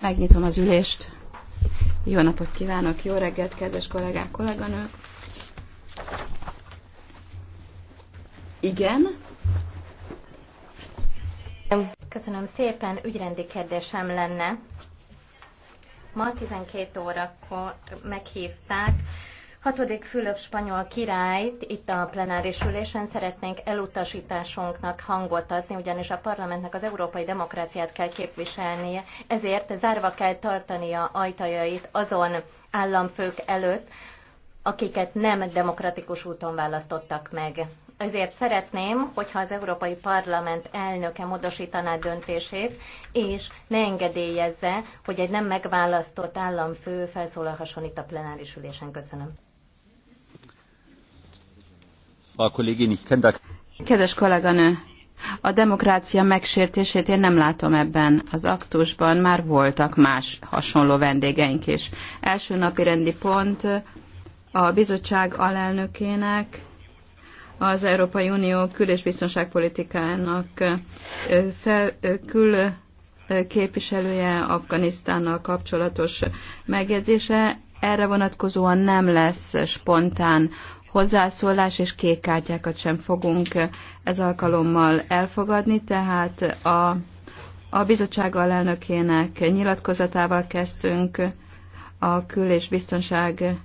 Megnyitom az ülést. Jó napot kívánok, jó reggelt, kedves kollégák, kolléganők. Igen. Köszönöm szépen, ügyrendi kérdésem lenne. Ma 12 órakor meghívták Hatodik Fülöp spanyol királyt itt a plenáris ülésen szeretnénk elutasításunknak hangot adni, ugyanis a parlamentnek az európai demokráciát kell képviselnie, ezért zárva kell tartania ajtajait azon államfők előtt, akiket nem demokratikus úton választottak meg. Ezért szeretném, hogyha az Európai Parlament elnöke módosítaná döntését, és ne engedélyezze, hogy egy nem megválasztott államfő felszólalhasson itt a plenáris ülésen. Köszönöm. Kedves kolléganő, a demokrácia megsértését én nem látom ebben az aktusban, már voltak más hasonló vendégeink is. Első napi rendi pont a bizottság alelnökének, az Európai Unió kül- és biztonságpolitikának fel, kül képviselője Afganisztánnal kapcsolatos megjegyzése. Erre vonatkozóan nem lesz spontán hozzászólás és kék kártyákat sem fogunk ez alkalommal elfogadni, tehát a, a bizottság alelnökének nyilatkozatával kezdtünk a kül- és biztonság